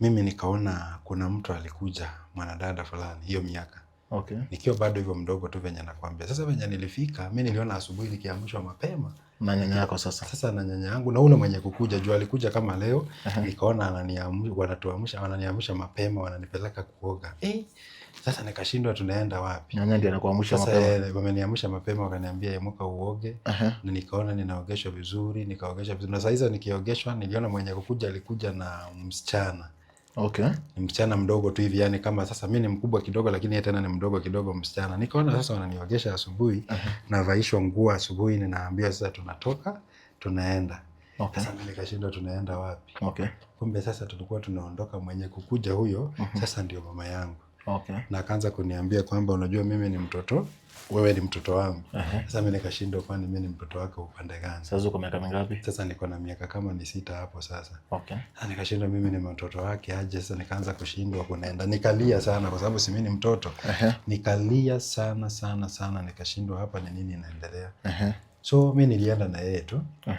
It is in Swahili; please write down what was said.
Mimi nikaona kuna mtu alikuja mwanadada fulani hiyo miaka Okay. Nikiwa bado hivyo mdogo tu venye nakwambia. Sasa venye nilifika, mimi niliona asubuhi nikiamshwa mapema. Na nyanya yako sasa. Sasa na nyanya yangu na ule mwenye kukuja jua alikuja kama leo, nikaona ananiamsha, wanatuamsha, wananiamsha mapema, wananipeleka kuoga. Eh, sasa nikashindwa tunaenda wapi? Nyanya ndiye anakuamsha mapema. Sasa eh, wameniamsha mapema wakaniambia imuka eh, uoge. Na nikaona ninaogeshwa vizuri, nikaogeshwa vizuri. Na saa hizo nikiogeshwa niliona mwenye kukuja alikuja na msichana. Okay. Ni msichana mdogo tu hivi yani kama sasa mi ni mkubwa kidogo lakini yeye tena ni mdogo kidogo msichana. Nikaona sasa wananiogesha asubuhi, uh -huh. navaishwa nguo asubuhi, ninaambiwa sasa tunatoka tunaenda. Okay. Sasa mimi nikashindwa tunaenda wapi? Okay. Kumbe sasa tulikuwa tunaondoka mwenye kukuja huyo, uh -huh. Sasa ndio mama yangu okay. na akaanza kuniambia kwamba unajua, mimi ni mtoto, wewe ni mtoto wangu. Sasa mimi nikashindwa, kwani mimi ni mtoto wake upande gani? Sasa uko miaka mingapi? Sasa niko na miaka kama ni sita hapo sasa. Okay. Sasa nikashindwa mimi ni mtoto wake aje? Sasa nikaanza kushindwa kunaenda, nikalia sana kwa sababu si mimi ni mtoto. -huh. Nikalia sana sana sana, nikashindwa hapa ni nini inaendelea. -huh. So mimi nilienda na yeye tu. Aha.